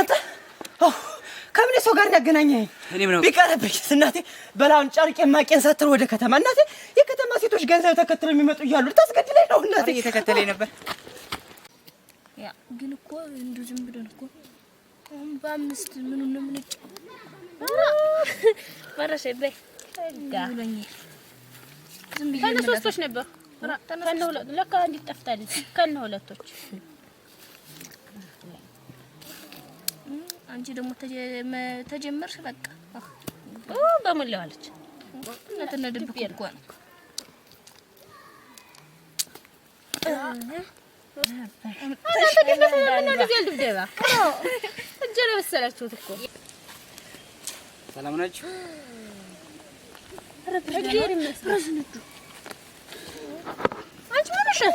አንተ ከምን ሰው ጋር ያገናኘኝ? እኔም ነው ቢቀርብኝ እናቴ በላውን ጨርቄ ማቄን ሳትር ወደ ከተማ እናቴ፣ የከተማ ሴቶች ገንዘብ ተከትለው የሚመጡ እያሉ ልታስገድለኝ ነው እናቴ። እየተከተለኝ ነበር። ያ ግን እኮ እንዱ ዝም ብለን እኮ አሁን በአምስት ምኑ ነው የምንጭ መረሽ በይ ብሎኝ ዝም ብዬ ከነ ሶስቶች ነበር ከነ ሁለቱ ለካ እንዲጠፍታለች ከነ ሁለቶች አንቺ ደግሞ ተጀመርሽ በቃ ኦ በሙላው አለች። እናትና ድብቅ እኮ ነው። መሰላችሁት ሰላም ናችሁ? አንቺ ምን ሆነሻል?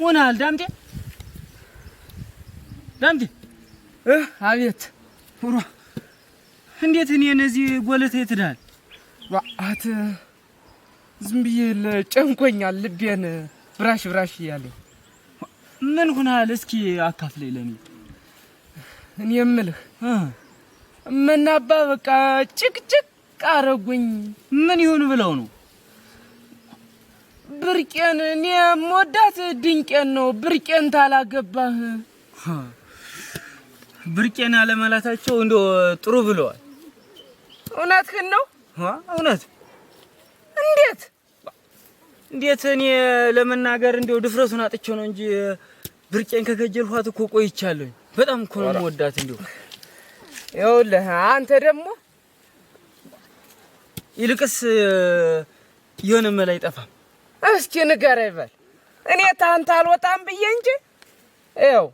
ሆናል። ዳምጤ ዳምጤ፣ አቤት። ሮ እንዴት እኔ እነዚህ ጎለተ የትዳል አት ዝም ብዬ ጨንኮኛል። ልቤን ብራሽ ብራሽ እያለኝ ምን ሆናል? እስኪ አካፍለኝ ለኔ። እኔ የምልህ እመናባ በቃ ጭቅጭቅ አረጉኝ። ምን ይሁን ብለው ነው ብርቄን እኔ ሞዳት ድንቄን ነው። ብርቄን ታላገባህ ብርቄን አለመላታቸው እንዶ ጥሩ ብለዋል። እውነትህን ነው። እውነት እንዴት እንዴት እኔ ለመናገር እንደው ድፍረቱን አጥቼው ነው እንጂ ብርቄን ከከጀልኋት እኮ ቆይቻለሁ። በጣም እኮ ነው የምወዳት። እንደው ይኸውልህ አንተ ደግሞ ይልቅስ የሆነ መላ አይጠፋም እስኪ ንገር በል። እኔ ታንተ አልወጣም ብዬ እንጂ ይኸው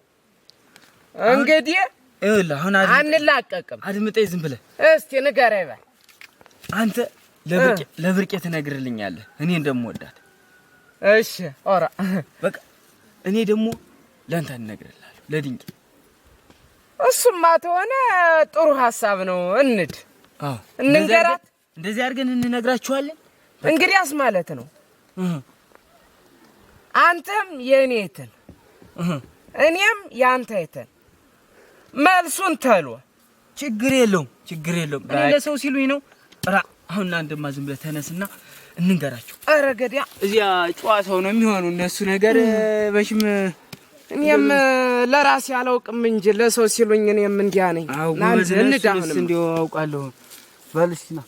እንግዲህ አንላቀቅም። አድምጠኝ ዝም ብለህ እስኪ ንገር በል። አንተ ለብርቄ ትነግርልኛለህ እኔ እንደምወዳት። እሺ ኧረ በቃ እኔ ደግሞ ለአንተ እንነግርልሃለሁ ለድንቄ። እሱማ ተሆነ ጥሩ ሀሳብ ነው። እንድ እንንገራት፣ እንደዚህ አድርገን እንነግራችኋለን። እንግዲያስ ማለት ነው አንተም የእኔ የትን እኔም የአንተ የትን መልሱን ተሎ ችግር የለውም ችግር የለውም። እኔ ለሰው ሲሉኝ ነው። ራ አሁን አንድማ ዝም ብለህ ተነስና እንንገራቸው። ኧረ ገዲያ እዚያ ጨዋታው ነው የሚሆኑ እነሱ ነገር መቼም እኔም ለራሴ አላውቅም እንጂ ለሰው ሲሉኝ እኔም እንዲያ ነኝ። አዎ እንዲያው አውቃለሁ። በል እስኪ ና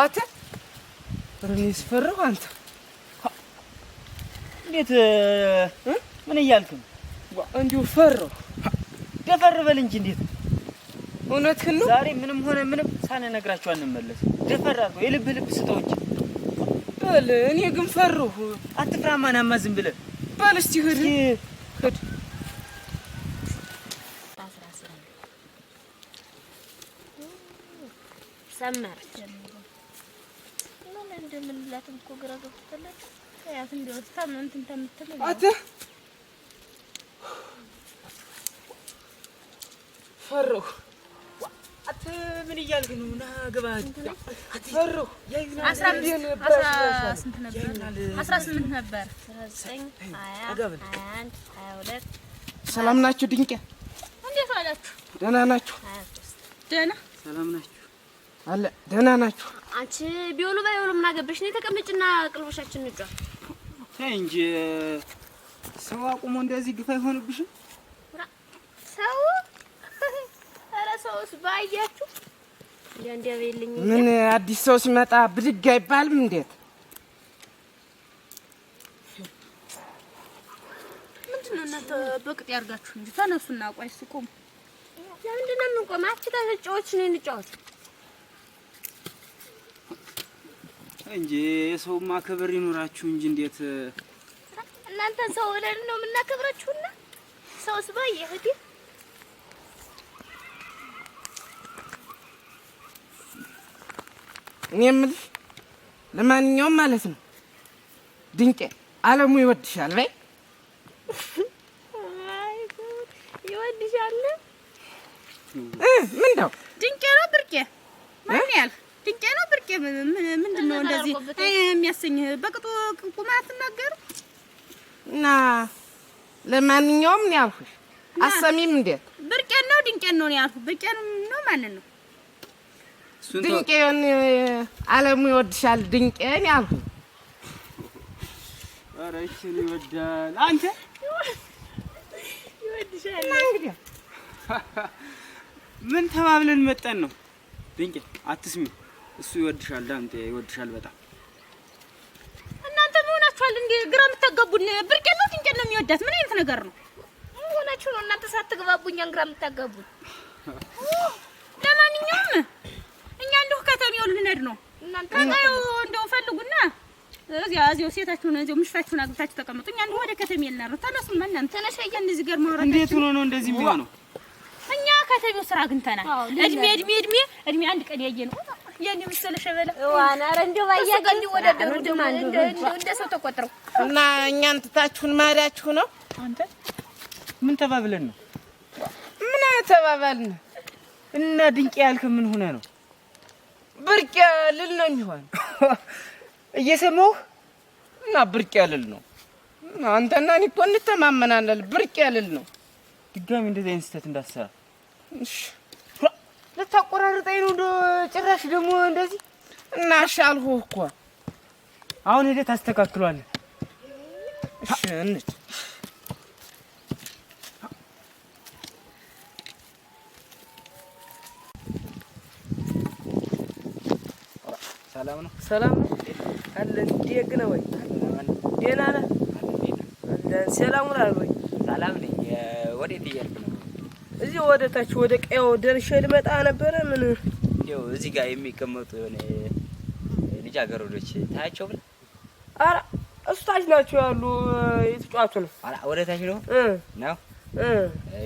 አንተ ያስፈራው አንተ እንዴት ምን እያልክ ነው? እንዲሁ ፈራው ደፈር በል እንጂ እንዴት እውነትህን ነው። ዛሬ ምንም ሆነ ምንም ሳንነግራቸው አንመለስም። ደፈር አድርገው የልብ ልብ ስጠው እንጂ በል። እኔ ግን ፈራሁ። አትፍራማናማ ዝም ብለህ በል እስኪ ሂድ ሂድ ሰመረች። ምን እንደምንላትም እኮ ግራ ገብቶታለች። ያት እንዲወጣ ምን እንደምትል አተ ፈረሁ ምን እያልክ ነው? ና ግባ። አስራ ስምንት ነበር። ሰላም ናችሁ? ድንቄ እንዴት ዋላችሁ? ደህና ናችሁ? ደህና ሰላም ናችሁ? አለ ደህና ናችሁ? አንቺ ቢሆኑ ባይሆኑ ምን አገባሽ? እኔ ተቀመጭና ቅልቦሻችን እንጫወት። ተይ እንጂ ሰው አቁሞ እንደዚህ ግፋ አይሆንብሽም ሰው ሰውስ ባያችሁ ምን አዲስ ሰው ሲመጣ ብድግ አይባልም። እንዴት ምንድን ነው እናንተ በቅጥ ያርጋችሁ እንጂ ተነሱና ቆይ ስቁም። ለምንድን ነው የምንቆም? ተጫዎች ነው እንጫወት እንጂ የሰውማ ክብር ይኑራችሁ እንጂ እንዴት ሰው ለን ነው የምናከብራችሁና ሰውስ እኔ የምልሽ ለማንኛውም ማለት ነው ድንቄ አለሙ ይወድሻል በይ። ይወድሻል ምንድነው? ድንቄ ነው ብርቄ ማን ያል ድንቄ ነው ብርቄ ምንድን ነው እንደዚህ የሚያሰኝ በቅጡ ቁማ ትናገር እና ለማንኛውም ነው ያልኩሽ። አሰሚም እንዴት ብርቄን ነው ድንቄን ነው ያልኩ ብርቄን ነው ማንን ነው ድንቄን አለሙ ይወድሻል። ድንቄን ያልኩህ ኧረ ይችን ይወዳል። አንተ ይወድሻል። እንግዲህ ምን ተባብለን መጠን ነው? ድንቄ አትስሚ፣ እሱ ይወድሻል። ዳምጤ ይወድሻል በጣም እናንተ መሆናችኋል። እንደ ግራ የምታጋቡን ብርቄ ነው ድንቄን ነው የሚወዳት። ምን አይነት ነገር ነው? መሆናችሁ ነው እናንተ ሳትግባቡኛን ግራ የምታጋቡን። ለማንኛውም እኛ እንደው ከተሜው ልንሄድ ነው። ቀጣዩ እንደው ፈልጉና እዚያ እዚያው ሴታችሁን እዚያው ምሽታችሁን አግብታችሁ እኛ እንደው ወደ ከተሜ ነው። ተነሱን መናን ተነሽ እዚህ ጋር ማውራት እንዴት ሆኖ ነው እንደዚህ የሚሆነው? እኛ ከተሜው ስራ አግኝተናል። እድሜ እድሜ እድሜ እድሜ አንድ ቀን ያየ ነው ያን የመሰለ ሸበላ ዋና ረንዶ ባያገኝ እንዲወዳደሩ እንደ ሰው ተቆጥረው እና እኛን ትታችሁን ማዳችሁ ነው። አንተ ምን ተባብለን ነው ምን ተባባልን እና ድንቅ ያልክ ምን ሆነ ነው ብርቅ ያልል ነው የሚሆን። እየሰማሁህ እና ብርቅ ያልል ነው። አንተና እኔ እኮ እንተማመናለን። ብርቅ ያልል ነው። ድጋሚ እንደዚህ አይነት ስህተት እንዳትሰራ ልታቆራርጠኝ ነው። ጭራሽ ደግሞ እንደዚህ እና እሺ እኮ አሁን ሄደህ ታስተካክሏለህ። እሺ እንሂድ ሰላም ነው? ሰላም ነው አለ። ደግ ነህ ወይ? ደህና ነህ? ሰላም ውላል ወይ? ሰላም ነኝ። ወዴት እያልክ ነው? እዚህ ወደ ታች ወደ ቀያው ደርሼ ልመጣ ነበረ። ምን ይኸው እዚህ ጋር የሚቀመጡ የሆነ ልጃገረዶች ታያቸው ብለህ? ኧረ እሱ ታች ናቸው ያሉ የተጫዋቱ ነው። ኧረ ወደ ታች ነው ነው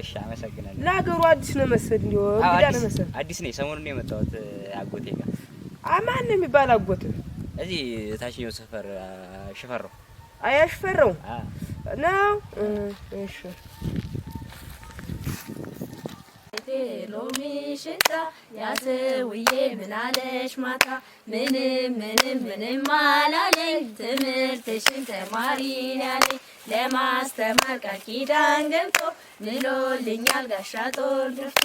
እሺ አመሰግናለሁ። ለሀገሩ አዲስ ነው መሰል፣ እንዲሁ አዲስ ነኝ። ሰሞኑን የመጣሁት አጎቴ ጋር ማን ነው የሚባል አጎት እዚህ ታችኛው ሰፈር ሽፈራው አያ ነው። እሺ ሎሚ ሽታ ያስውዬ ምናለሽ ማታ ምንም ምንም ምንም አላለኝ ትምህርትሽን ተማሪ ያለኝ ለማስተማር ቃል ኪዳን ገብቶ ምሎልኛል ጋሻ ጦር ደፍቶ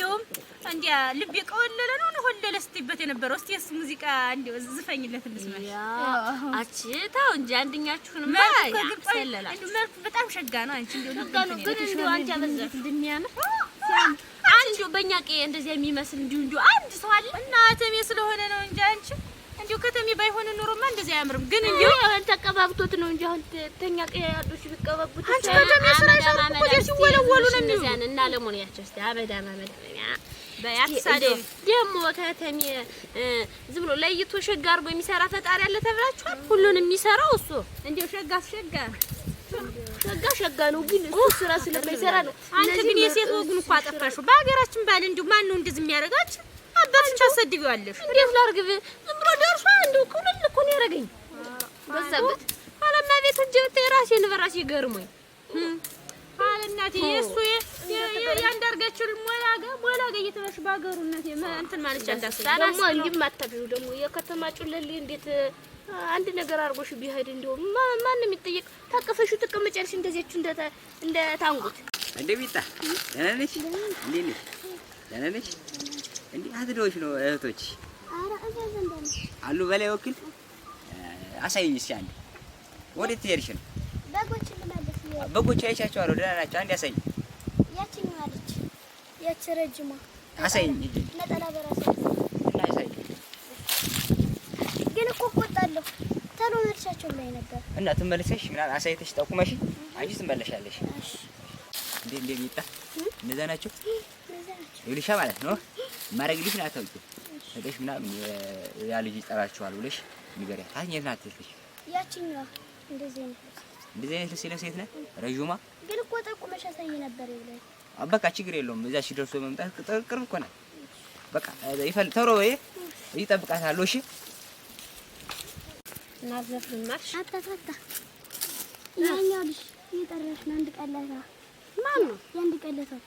ይኸውም እንዲያ ልቤ ቀወለለ ነው ነው ሆለለ ስትይበት የነበረው እስቲ እሱ ሙዚቃ እንዲው ዝፈኝለት እንስማሽ። አቺ ታው እንጂ አንደኛችሁን ማይ መልኩ በጣም ሸጋ ነው። አንቺ እንዴ ሸጋ ነው ግን እንዴ አንቺ አበዛሽ። እንደሚያምር አንቺ በእኛ ቀዬ እንደዚያ የሚመስል እንዲሁ እንዲሁ አንድ ሰው አለ። እናትም ስለሆነ ነው እንጂ አንቺ እንዲሁ ከተሜ ባይሆን ኑሮማ እንደዚህ አያምርም። ግን እንዲሁ ተቀባብቶት ነው እንጂ አሁን ተኛ ቀያ ያሉሽ ቢቀባቡት አንቺ ከተሜ ስራ ይሰራል እኮ ሲወለወሉ ነው የሚሆን እና ለሞን ለሞንያቸው እስቲ አመዳ አመዳ በያሳደ ደግሞ ከተሜ ዝም ብሎ ለይቶ ሸጋ አድርጎ የሚሰራ ፈጣሪ አለ ተብላችኋል። ሁሉንም የሚሰራው እሱ እንዲሁ ሸጋ ሸጋ ሸጋ ሸጋ ነው፣ ግን እሱ ስራ ስለማይሰራ ነው። አንቺ ግን የሴት ወግን እኮ አጠፋሽው። በሀገራችን ባል እንዲሁ ማን ነው እንደዚህ የሚያደርጋችሁ? አባትሽ ታሰድቢዋለሽ። እንዴት ላርግብ? ዝም ብሎ ደርሷ እንደ ኩልል እኮ ነው ያደረገኝ። በዛበት አለና ቤት እጅ ብታይ ራሴን በራሴ ገርሞኝ አለናት የእሱ ያንዳርጋችሁ ሞላ ጋ ሞላ ጋ እየተበሽ ባገሩ እናት እንትን ማለት ቻንዳስታናስ እንዲህ ማታብዩ ደግሞ የከተማ ጩለሌ እንዴት አንድ ነገር አድርጎሽ ቢሄድ እንደው ማንም ይጠየቅ። ታቀፈሹ ትቀመጫለሽ እንደዚያችሁ እንደ እንደ ታንጉት እንደ ቢጣ ደህና ነሽ? ደህና ነሽ? ደህና ነሽ? እንዴ አትዶሽ ነው እህቶች አሉ በላይ ወኪል አሳይኝ እስኪ አንዴ ወዴት ትሄድሽ ነው? በጎች አይቻቸዋለሁ፣ ደህና ናቸው። አንዴ አሳይኝ። ያቺን ማለች ያቺ ረጅማ አሳይኝ። እንጂ ነጠላ በራሴ እና አሳይኝ። ግን እኮ ቆጣለሁ ተሎ መልሻቸው ላይ ነበር እና ትመለሰሽ ምናምን አሳይተሽ ጠቁመሽ አንቺ ትመለሻለሽ። እንዴ እንዴ ይጣ እነዛ ናቸው ይልሻ ማለት ነው ማረግልሽ ናት ታውቂ እሺ ምናምን ያ ልጅ ይጠራችኋል ብለሽ ንገሪያት። አትኛት ናት ትልሽ ያቺኛዋ እንደዚህ ነው እንደዚህ አይነት ልብስ ለብሳ የት ነህ? ረዥማ ግን እኮ ጠቁመሽ አሳይ ነበር ይብላል። በቃ ችግር የለውም። እዛ ሲደርሱ መምጣት ቅርብ እኮ ናት። በቃ ይፈል ተሮ ወይ ይጠብቃታል። እሺ ናዘፍን ማርሽ አታታታ ያኛው ልጅ ይጠራሽ ነው። አንድ ቀለታ ማን ነው? የአንድ ቀለታች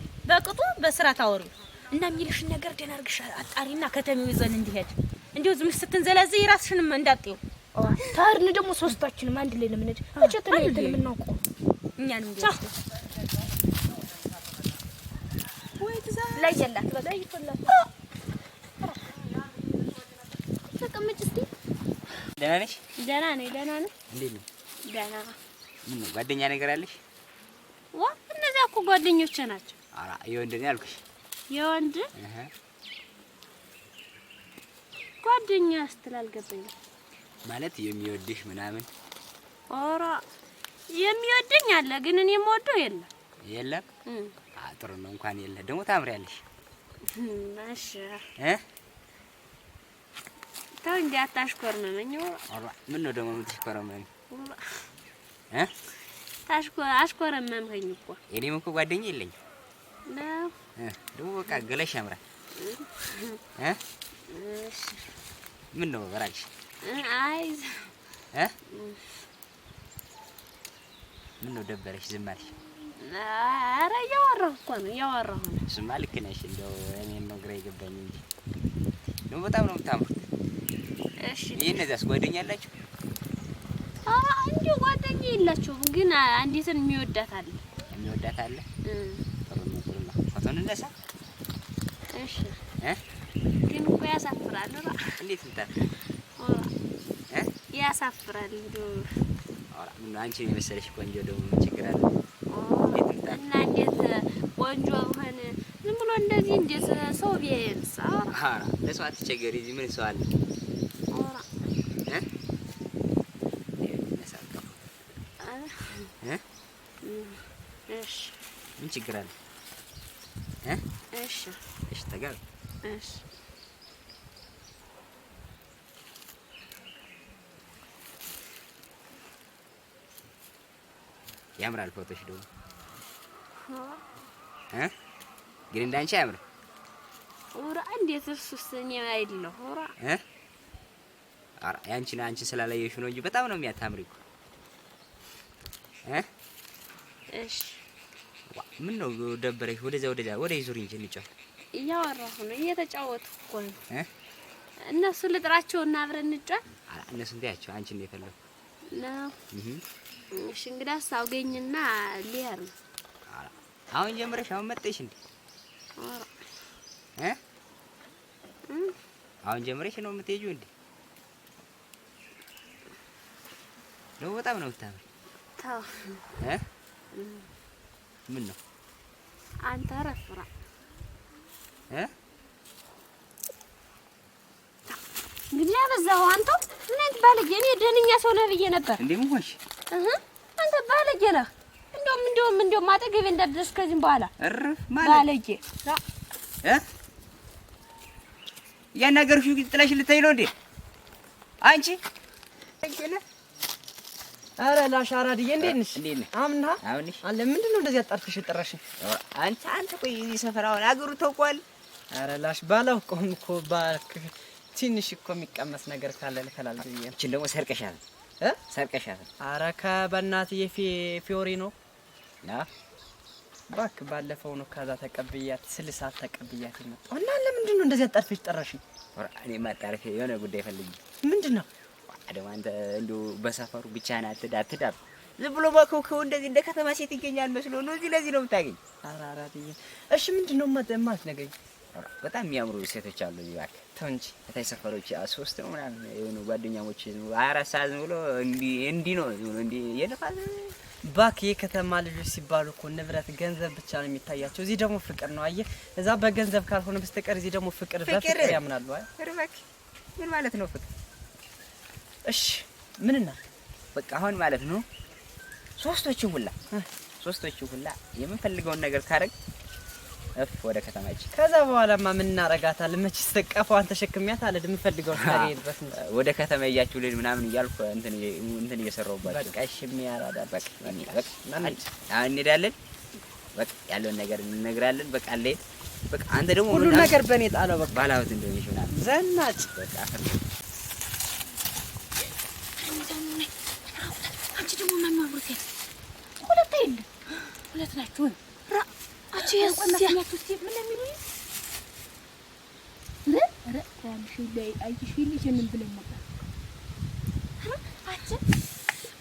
በቅጡ በስራ ታወሩ እና የሚልሽን ነገር ደህና አድርግሽ አጣሪና ከተሜው ይዘን እንዲሄድ እንዲሁ ዝም ስትንዘላዘይ ራስሽንም እንዳጥዩ ታርን ደግሞ ሶስታችንም አንድ ላይ ለምንድ የምንሄድ። መቼ ተለያይተን የምናውቀው እኛንም እንዴ ወይ ትዛ ላይ ያላት በላይ ይፈላል። ተቀመጭ እስቲ። ደህና ነሽ? ደህና ነኝ። ደህና ነኝ። ደህና። ምን ጓደኛ ነገር አለሽ? ዋ እነዚያ እኮ ጓደኞቼ ናቸው። የወንድ ነው ያልኩሽ። የወንድ ጓደኛ ስትል አልገባኝም። ማለት የሚወድሽ ምናምን ኦሮ የሚወደኝ አለ፣ ግን እኔ የምወደው የለም። የለም ጥሩ ነው እንኳን የለ። ደግሞ ታምሪያለሽ። እሺ እ ተው እንጂ አታሽኮርመመኝ። ኦሮ ምን ነው ደግሞ የምትሽኮረመኝ እ ታሽኮ አሽኮረመምኸኝ እኮ እኔም እኮ ጓደኛ የለኝም ደግሞ በቃ ገላሽ ያምራል። ምን ነው በራልሽ? አይ ምን ነው ደበረሽ? ዝም አልሽ? ኧረ እያወራሁ እኮ ነው እያወራሁ ነው። እሱማ ልክ ነሽ። እንደው እኔም ነው ግራ የገባኝ እንጂ ደግሞ በጣም ነው የምታምሩት። እሺ ይሄ እነዚያስ ጓደኛ አላችሁ? እንዲሁ ጓደኛ የላቸውም፣ ግን አንዲትን የሚወዳት አለ የሚወዳት አለ እንነሳ። እሺ እ ግን እኮ ያሳፍራል። ራ እንዴት እንታ እ ያሳፍራል። እንደው ኧረ ምን አንቺ የመሰለሽ ቆንጆ ደግሞ ችግር አለ? እንዴት እንታ እና እንዴት ቆንጆ ሆነ? ዝም ብሎ እንደዚህ እንዴት ሰው ቢያየንስ? ኧረ ለሰው አትቸገሪ። እዚህ ምን ሰው አለ? ምን ችግር አለ? እሺ፣ ያምራል ፎቶሽ ደግሞ እ ግን እንዳንቺ አያምርም። ኡራ እንዴት እሱስ እኔ አይደለሁ ኡራ እ አረ ያንቺን አንቺን ስላላየሽ ነው እንጂ በጣም ነው የሚያታምሪው እ እሺ ምን ነው ደበረሽ? ወደዛ ወደዛ ወደ ይዙር እንጂ እንጫወት። እያወራሁ ነው፣ እየተጫወትኩ እኮ ነው። እነሱ እና አብረን እንጫወት። እነሱ እንታያቸው አንቺ ነው የፈለኩ ነው። እሺ እንግዳስ አውገኝና ሊያር ነው። አሁን ጀምረሽ አሁን መጥተሽ እንዴ? እ አሁን ጀምረሽ ነው የምትሄጂው እንዴ? ነው በጣም ነው የምታምሪው። ታው እ ምን ነው አንተ እረፍ እ እንግዲህ ያበዛኸው አንተው። ምን አይነት ባለጌ! እኔ ደህንኛ ሰው ነህ ብዬ ነበር። እንደምን ሆንሽ? አንተ ባለጌ ነህ። እንደውም እንደውም እንደውም አጠገቤ እንዳትደርስ ከዚህም በኋላ እርፍ ማለት ባለጌ እ ያን ነገር ጥለሽ ልትሄጂ ነው እንዴ አንቺ? አረ ላሻራ አራድዬ እንዴት ነሽ? አምና አምኒ አለ ምንድን ነው እንደዚህ አጣርፍሽ የጠራሽኝ? አንተ አንተ ቆይ እዚህ ሰፈር አሁን አገሩ ተውቋል። ኧረ ላሽ ባላውቀውም እኮ ባክ ትንሽ እኮ የሚቀመስ ነገር ካለ ልከላል ብዬሽ ነው። እችን ደግሞ ሰርቀሻት እ ሰርቀሻት ኧረ ከበናትዬ ፊዮሪ ነው ና ባክ ባለፈው ነው ከዛ ተቀብያት ስልሳት ተቀብያት የመጣሁ እና ለምንድን ነው እንደዚህ አጣርፍሽ የጠራሽኝ? እኔ ማጣርፍ የሆነ ጉዳይ ፈልጊ ምንድን ነው አደው አንተ እንዲሁ በሰፈሩ ብቻህን አትዳ አትዳብ ዝም ብሎ መከውከው እንደዚህ እንደ ከተማ ሴት ይገኛል መስሎ ነው። እዚህ ለዚህ ነው የምታገኝ። ኧረ ኧረ ብዬ እሺ፣ ምንድን ነው የማትነግረኝ? በጣም የሚያምሩ ሴቶች አሉ እዚህ እባክህ ተው እንጂ። ከታይ ሰፈሮች ሶስት ነው ምናምን የሆኑ ጓደኛሞች አራት ሰዓት ዝም ብሎ እንዲህ ነው ዝም ብሎ እንዲህ የለፋል ባክ የከተማ ልጆች ሲባሉ እኮ ንብረት፣ ገንዘብ ብቻ ነው የሚታያቸው። እዚህ ደግሞ ፍቅር ነው አየህ። እዛ በገንዘብ ካልሆነ በስተቀር እዚህ ደግሞ ፍቅር በፍቅር ያምናሉ። አይ እባክህ ምን ማለት ነው ፍቅር እሺ ምን ምንና በቃ አሁን ማለት ነው ሶስቶቹ ሁላ ሶስቶቹ ሁላ የምንፈልገውን ነገር ካረግ እፍ ወደ ከተማ ከተማች። ከዛ በኋላማ ምን እናረጋታለን? መቼስ ተቀፋዋን ተሸክሚያት አለ የምንፈልገውን ታገኝበት ወደ ከተማ እያችሁ ልጅ ምናምን እያልኩ እንትን እንትን እየሰራሁባችሁ በቃ እሺ፣ የሚያራዳ በቃ ማን በቃ አሁን እንሄዳለን። በቃ ያለውን ነገር እንነግራለን። በቃ አለ በቃ አንተ ደግሞ ሁሉ ነገር በእኔ ጣለው። በቃ ባላሁት እንደሆነ ይሽናል ዘናጭ በቃ ሁለት ናችሁ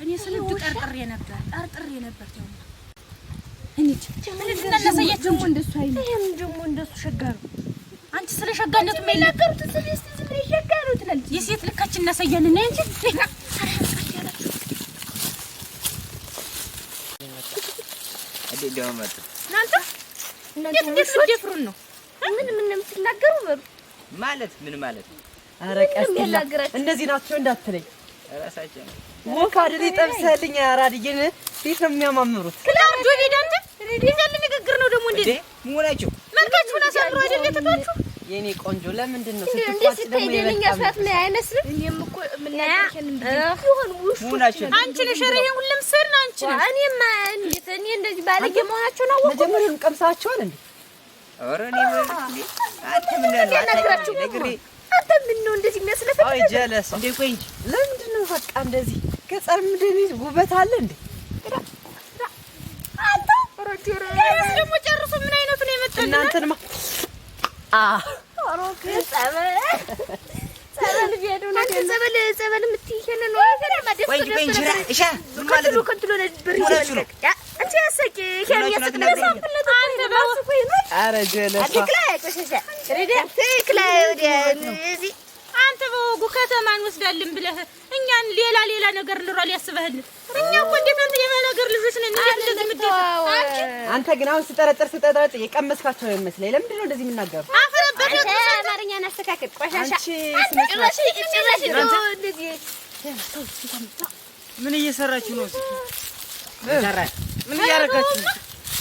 እኔ ስልክ ጠርጥሬ ነበር ጠርጥሬ ነበር። አንቺ ስለ ሸጋነቱ የሴት ልካችን እናሳያለን። እንዲያውም መጡ እናንተ እንዴት እንዴት ነው? ምን ምን የምትናገሩ በሉ ማለት ምን ማለት ነው? ኧረ እንደዚህ ናቸው እንዳትለኝ እራሳቸው ወፍ አይደል ይጠብሰልኝ አራድዬን ቤት ነው የሚያማምሩት። ክላውድ ወዴዳ እንደ ይዘል ንግግር ነው ደግሞ እንዴ ሙላችሁ መልካችሁ ሆነ አይደል የተቷችሁ የኔ ቆንጆ ለምንድን ነው ስትፋጭ ደግሞ ይለኛ ሰዓት ላይ አይመስልም። እኔም እኮ ምን ያክል ይሆን አንቺ ነሽ ኧረ ይሄን ሁሉም ስር አንቺ ነሽ እኔማ እንዴት እኔ ባለጌ መሆናቸው ነው። መጀመሪያም ቀምሳቸዋል እንዴ? ኧረ አንተ ምን ነው እንደዚህ የሚያስለፈልግ? ጀለስ እንዴ? ቆይ እንጂ ለምንድን ነው በቃ እንደዚህ ገጸር ምድን ውበት አለ እንዴ? አንተ ገረስ ደግሞ ጨርሶ ምን አይነቱ ነው የመጣው? እናንተንማ አ ጸበል አንተ በወጉ ከተማን ወስዳልን ብለህ እኛን ሌላ ሌላ ነገር ልሯ ሊያስበህልን እኛ እኮ እንዴት አንተ ሌላ ነገር ልጆች ነን። አንተ ግን አሁን ስጠረጥር ስጠረጥር የቀመስካቸው ነው የሚመስለኝ። ለምንድን ነው እንደዚህ የምናገሩ? አስተካክል። ቆሻሻ ምን እየሰራችሁ ነው? ምን እያደረጋችሁ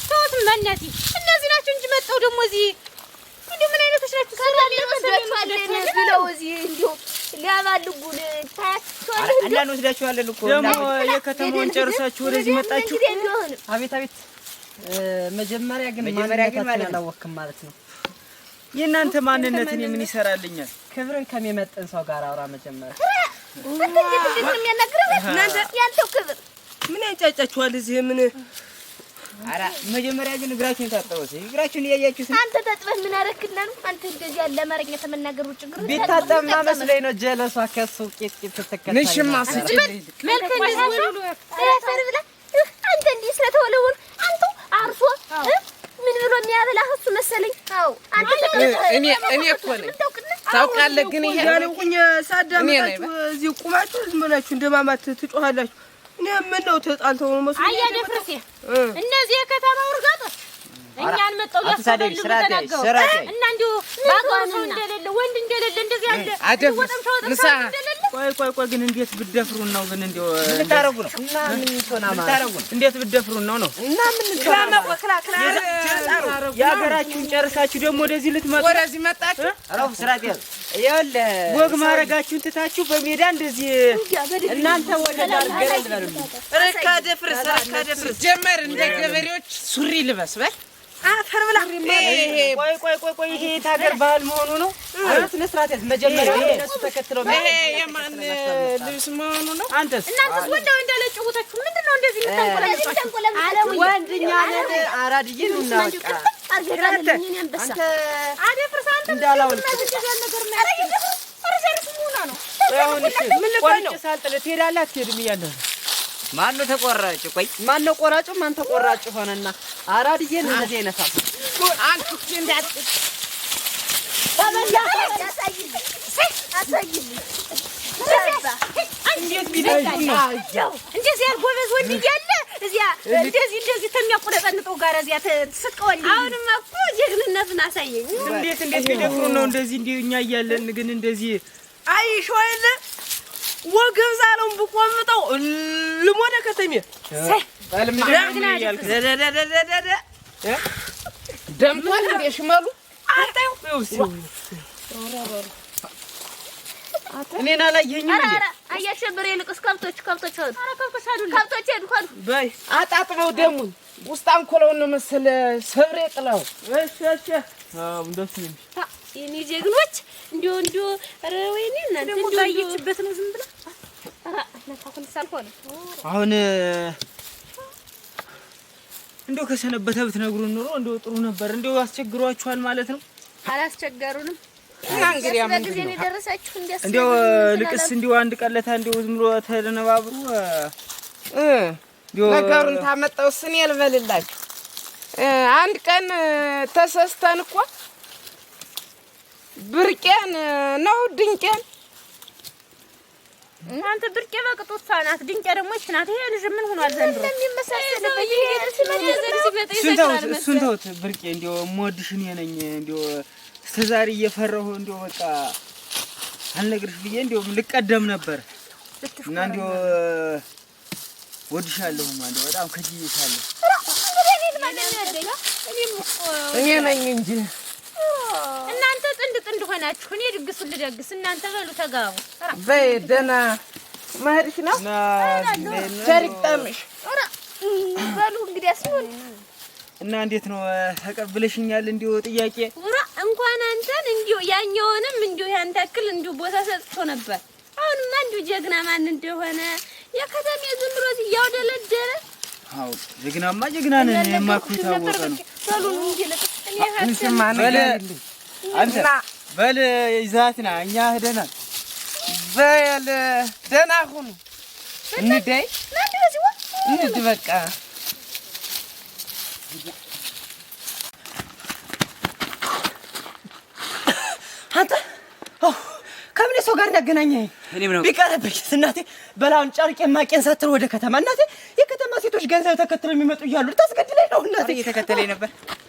ሰውት መናቲ እነዚህ ናቸው እንጂ መጣው ደግሞ እዚህ እንዲሁ ምን አይነቶች ናቸው? ብለው እዚህ እኮ ደግሞ የከተማውን ጨርሳችሁ ወደዚህ መጣችሁ። አቤት አቤት። መጀመሪያ ግን ማንነታችን አላወቅም ማለት ነው። የእናንተ ማንነትን የምን ይሰራልኛል? ክብርን ከሚመጥን ሰው ጋር አውራ። መጀመር ምን ያንጫጫችኋል? እዚህ ምን መጀመሪያ ግን እግራችሁን ታጠቡ። እዚህ እግራችሁን አንተ ታጥበህ ምን ነው አንተ እንደዚህ ያለ አማርኛ ተመናገር ውጭ ነው። ጀለሷ ከሱ ቂጥ ቂጥ ንሽማ አንተ እንዲህ ስለተወለወል አንተ አርሶ ብሎ የሚያበላህ እሱ መሰለኝ። አዎ እኔ እኔ እኮ ነኝ ታውቃለህ። ግን ይሄ ቁኝ ሳዳምጣችሁ እዚህ ቁማችሁ ዝም ብላችሁ እንደማማት ትጮሃላችሁ። እኔ ምነው ተጣልተው ነው መስሎኝ። አያ እነዚህ የከተማው እርጋጦች እኛን መጣው ያሰደል ስራት ስራት እና እንዲሁ ሰው እንደሌለ ወንድ እንደሌለ እንደዚህ ያለ ወጣም ሰው ቆይ ቆይ ቆይ ግን እንዴት ብደፍሩን ነው ግን እንዲሁ ልታረጉ ነው እና ምን ሆና ማለት እንዴት ብደፍሩን ነው ነው እና ምን ክላማ ወክላ ክላ የሀገራችሁን ጨርሳችሁ ደግሞ ወደዚህ ልትመጡ ወደዚህ መጣችሁ አረፉ ስራት ያዝ ይኸውልህ ወግ ማረጋችሁን ትታችሁ በሜዳ እንደዚህ እናንተ ወደ ዳር ገረድ በሉ ረካ ደፍርስ ረካ ደፍርስ ጀመር እንደ ገበሬዎች ሱሪ ልበስ በል አፈር ብላ ቆይ ቆይ ቆይ ቆይ ይሄ የታገር ባህል መሆኑ ነው? ስነ ስርዓት ያዝ። መጀመሪያ እነሱ ተከትለው ይሄ የማን ልብስ መሆኑ ነው? አንተስ እናንተስ ምንድን ነው? እንደዚህ ወንድኛ ነን አራድዬ ነው እና በቃ ነው። ነው። ቆራጩ? ማን ተቆራጭ ሆነና አራድዬን እንደዚህ አይነሳም። እንደዚህ ያልጎበዝ ወንድ እያለ እዚያ እንደዚህ እንደዚህ ጋር እዚያ እኮ ጀግንነትን አሳየኝ። እንዴት እንዴት ነው እንደዚህ እኛ እያለን ግን እንደዚህ ብቆምጠው ልሞደ ከተሜ እኔን አላየኝም። አያሸብር የልቅስ ከብቶች ከብቶች ከብቶች ሄዱ አጣጥበው ደሙን ውስጥ አንኮለውን ነው መሰለ ሰብሬ ጥለው የኔ ጀግኖች እንዲሁ እንዲሁ ኧረ ወይኔ እናንተ እንዲሁ አየችበት ነው ዝም ብላ አሁን እንደው ከሰነበተ ብትነግሩን ኑሮ እንደው ጥሩ ነበር። እንደው አስቸግሯችኋል ማለት ነው? አላስቸገሩንም። እንግዲህ እንደው ልቅስ እንደው አንድ ቀለታ እንደው ዝም ብሎ ተነባብሮ ነገሩን ታመጣው ስኔ ልበልላችሁ። አንድ ቀን ተሰስተን እኮ ብርቄን ነው ድንቄን አንተ ብርቄ በቅጡ እሷ ናት፣ ድንቄ ደግሞ ይህች ናት። ይሄ ልጅ ምን ሆኗል? ዘንድሮ እሱን ተውት። ብርቄ እንደው የምወድሽ እኔ ነኝ። እንደው እስከ ዛሬ እየፈራሁ እንደው በቃ አልነግርሽ ብዬ እንደው ልቀደም ነበር እና እንደው ወድሻለሁ ማለት በጣም ከጅይሻለሁ። እኔ ነኝ እንጂ እና ጥንድ ጥንድ ሆናችሁ እኔ ድግሱን ልደግስ እናንተ በሉ ተጋቡ። በይ ደህና መሄድሽ ነው። ቸር ይግጠምሽ። በሉ እንግዲያስ እና እንዴት ነው ተቀብለሽኛል? እንዲሁ ጥያቄ እንኳን አንተን እንዲሁ ያኛውንም እንዲሁ ያን ታክል እንዲሁ ቦታ ሰጥቶ ነበር። አሁንማ እንዲሁ ጀግና ማን እንደሆነ የከተሜ ዝም ብሎ እያውደለደለ አው ጀግናማ ጀግና ነን የማልኩት ታወቀ ነው። በሉ እንግዲህ ለጥቅም ያህል አንተ በል ይዛት ና እኛ ሄደናል። በል ደህና ሁኑ። እንደይ እንድ በቃ አንተ ከምን ሰው ጋር ያገናኘኝ? ቢቀርብኝ እናቴ በላውን ጨርቄ ማቄን ሳትል ወደ ከተማ እናቴ የከተማ ሴቶች ገንዘብ ተከትለው የሚመጡ እያሉ ልታስገድለኝ ነው እናቴ። እየተከተለኝ ነበር